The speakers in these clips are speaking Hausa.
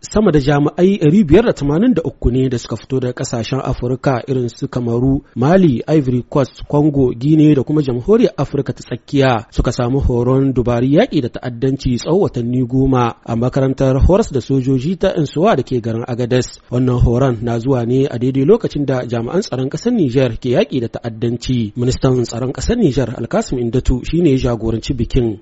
sama da jami'ai 583 ne da suka fito daga kasashen afirka irin su kamaru mali ivory coast congo guinea da kuma jamhuriyar afirka ta tsakiya suka samu horon dubari yaƙi da ta'addanci tsawon watanni goma a makarantar horas da sojoji ta insuwa da ke garin agades wannan horon na zuwa ne a daidai lokacin da jami'an tsaron ƙasar niger ke yaƙi da ta'addanci ministan tsaron ƙasar niger alkasim indatu shine ya jagoranci bikin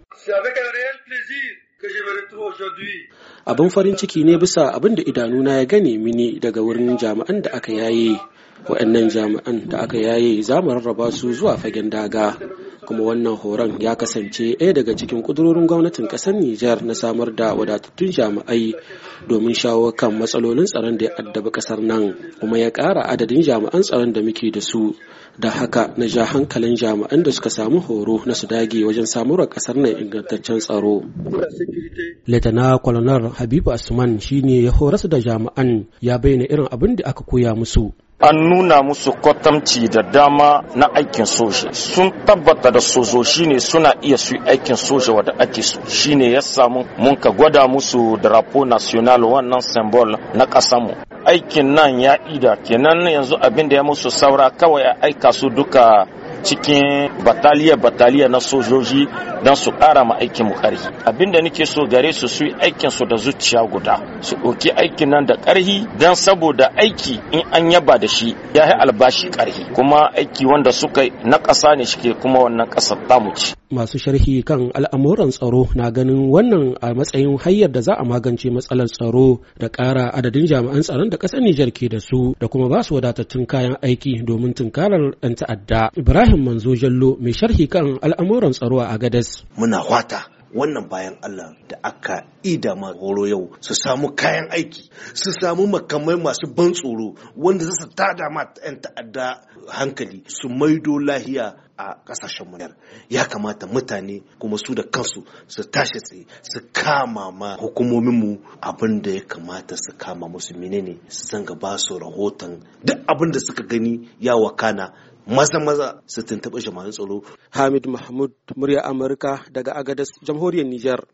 abin farin ciki ne bisa abin da idanuna ya gane mini daga wurin jami'an da aka yaye waɗannan jami'an da aka yaye za mu rarraba su zuwa fagen daga kuma wannan horon ya kasance ɗaya daga cikin ƙudurorin gwamnatin ƙasar Nijar na samar da wadatattun jami'ai domin shawo kan matsalolin tsaron da ya addaba ƙasar nan kuma ya ƙara adadin jami'an tsaron da muke da su da haka na ja hankalin jami'an da suka samu horo na su dage wajen samarwa ƙasar nan ingantaccen tsaro. litana Kwalonar Habibu Asman shine ya horasu da jami'an ya bayyana irin abin da aka koya musu. an nuna musu kwatamci da dama na aikin soja sun tabbata da sojoji shine suna iya su aikin soja wadda ake so shine ya samu mun ka gwada musu drapo national wannan symbol na kasanmu aikin nan ya ida kenan yanzu abin da ya musu saura kawai a aika su duka cikin bataliya-bataliya na sojoji don su ƙara ma aikin mu ƙarfi abinda nake so gare su su aikin su da zuciya guda su ɗauki aikin nan da ƙarhi don saboda aiki in an yaba da shi ya yi albashi karhi kuma aiki wanda suka na ƙasa ne shike kuma wannan ƙasar mu ce masu sharhi kan al'amuran tsaro na ganin wannan a matsayin hanyar da za a magance matsalar tsaro da ƙara adadin jami'an tsaron da ƙasar Nijar ke da su da kuma ba su wadatattun kayan aiki domin tunkarar 'yan ta'adda. Ibrahim Manzo Jallo mai sharhi kan al'amuran tsaro a Agadez. Muna wata wannan bayan Allah da aka ida ma horo yau su samu kayan aiki su samu makamai masu ban tsoro wanda za su tada ma 'yan ta'adda hankali su maido lahiya a kasashen mu ya kamata mutane kuma su da kansu su tashi tsaye su kama ma hukumomin mu abin da ya kamata su kama musu menene su zanga ba su rahoton duk abinda suka gani ya wakana maza maza su tuntuɓi jama'an tsaro. Hamid Mahmud murya Amurka daga Agadas jamhuriyar Nijar.